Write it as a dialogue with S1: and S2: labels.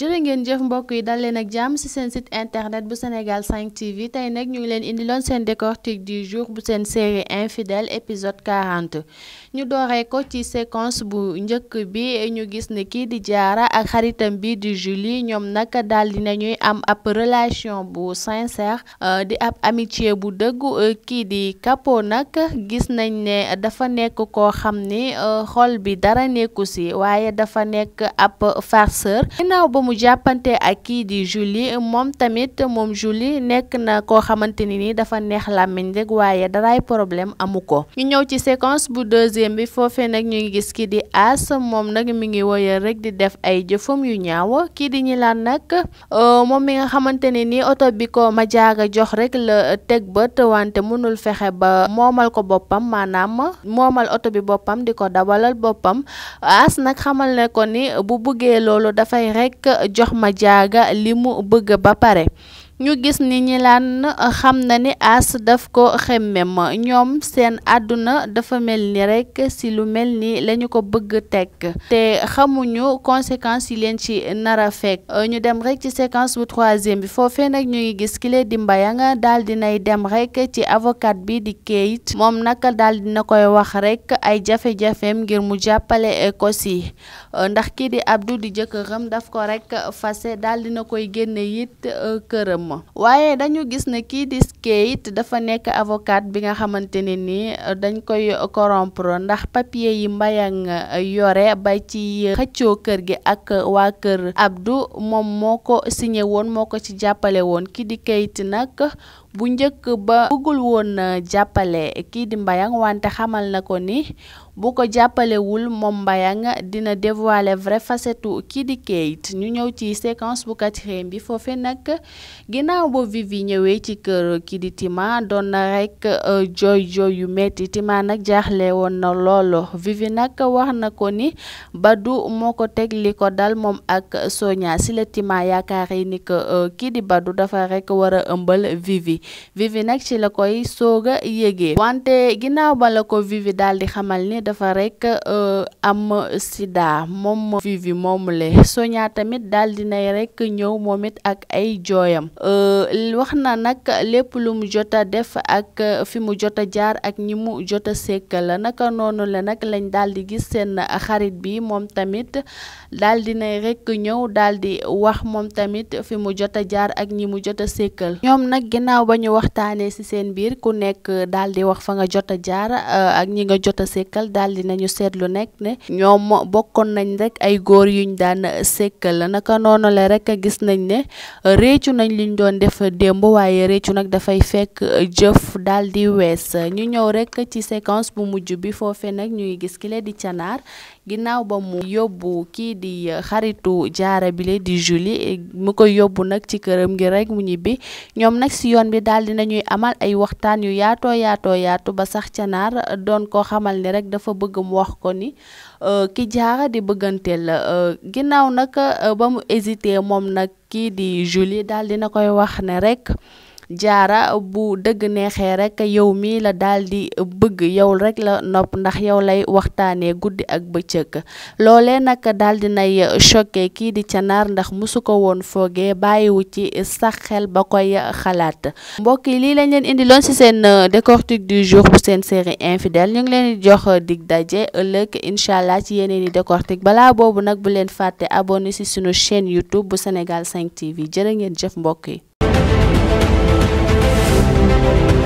S1: jërë ngeen jëf mbokk yi dal leen ak jàmm ci seen site internet bu Sénégal 5 TV tey nag ñu ngi leen indi seen décortique du jour bu seen série infidèle épisode 40 ñu dooree ko ci séquence bu njëkk bi ñu gis ni kii di jaara ak xaritam bi di Julie ñoom nag daal dina ñuy am ab relation bu sincère euh, di ab amitié bu dëggu euh, kii di Capo nag gis nañ ne dafa nekk koo xam ni euh, xol bi dara nekku ci waaye dafa nekk ab farceur ginnaaw ba mu jàppante ak kii di Julie moom tamit moom Julie nekk naa koo xamante ni nii dafa neex làmmiñ rek waaye daraay problème amu ko ñu ñëw ci séquence bu deuxième bi foofee nag ñu ngi gis kii di As moom nag mu ngi woyal rek di def ay jëfam yu ñaaw kii di ñi laan nag euh, moom mi nga xamante ne ni oto bi ko ma jaaga jox rek la teg bët wante mënul fexe ba moomal ko boppam maanaam moomal oto bi boppam di ko dawalal boppam As nag xamal ne ko ni bu buggee jox ma jaaga li mu bëgg ba pare ñu gis ni ñilaan eh, xam na ni as daf ko xemmem ñoom seen àdduna dafa mel ni rek si lu mel ni lañu ko bëgg tekk te xamuñu conséquences yi leen ci nara fekk eh, ñu dem rek ci séquence bu troisième bi foofee nag ñu ngi gis kile di mbayang daal nay dem rek ci avocat bi di Keith moom nag daal na koy wax rek ay jafe-jafeem ngir mu jàppale eh, ko si ndax kii di Abdou di jëkkëram daf ko rek fase daal na koy génne it këram waaye dañu gis ne kii di Skate dafa nekk avocat bi nga xamante ne ni euh, dañ koy corrompre ndax papier yi mbayang euh, yore ba ci xëccoo kër gi ak euh, waa kër Abdou moom moo ko signé woon moo ko ci jàppale woon kii di Keyti nag bu njëkk ba bëggul woon na euh, jàppale kii di Mbayang wante xamal na ko ni bu ko jàppalewul moom Mbayang dina dévoiler vrai facette kii di Keith ñu ñëw ci séquence bu quatrième bi foofee nag ginnaaw ba Vivi ñëwee ci kër kii di Tima doon na rek euh, jooy jooy yu metti Tima nag jaaxle woon na loolu Vivi nag wax na ko ni Badou moo ko teg li ko dal moom ak Sonia si la Tima yaakaar yi ni que euh, kii di Badou dafa rek war a ëmbal Vivi bi Vivi nag ci la koy soog a yëgee wante ginnaaw ba la ko Vivi daal di xamal ni dafa rekk euh, am sida moom Vivi moomu le tamit daal di nay rekk ñëw moom it ak ay jooyam euh, wax na nag lépp lu mu jot def ak fi mu jot a jaar ak ñi mu jot a la naka noonu la nag lañ daal di gis seen xarit bi moom tamit daldi di nay rek ñëw daldi wax moom tamit fi mu jot a jaar ak ñi mu jot a sekkal ñoom nag ginnaaw ba ñu waxtaanee ci seen biir ku nekk daal di wax fa nga jot a jaar euh, ak ñi nga jot a sekkal daal di nañu seetlu nekk ne ñoom bokkoon nañ rek ay góor yuñ daan sekkal naka noonu la rek gis nañ ne réccu nañ liñ doon def démb waaye réccu nag dafay fekk jëf daal di wees ñu ñëw rek ci séquence bu mujj bi foofee nag ñuy gis ki le di canaar ginnaaw ba mu yóbbu kii di euh, xaritu jaara bile di Julie eh, mu koy yóbbu nag ci këram ngi rek mu ñibbi ñoom nag ci yoon bi daal ñuy amal ay waxtaan yu yaatoo yaatoo yaatu ba sax ca naar doon koo xamal ni rek dafa bëgg mu wax ko ni euh, ki jaara di bëggante bëgganteel euh, ginnaaw nag ba mu hésité moom nag kii di Julie daal na koy wax ne rek jaara bu dëgg neexee rek yow mii la daal di bëgg yow rek la nopp ndax yow lay waxtaanee guddi ak bëccëg loolee nag daal di nay choqué kii di canaar ndax musu ko woon foogee bàyyiwu ci sax xel ba koy xalaat mbokk yi lii lañ leen indi loon ci seen décortique du jour bu seen série infidèle ñu ngi leen jox dig daje ëllëg incha allah ci yeneen i décortique balaa boobu nag bu leen fàtte abonné ci sunu chaîne youtube bu Sénégal 5 TV jërë ngeen jëf mbokk yi Thank you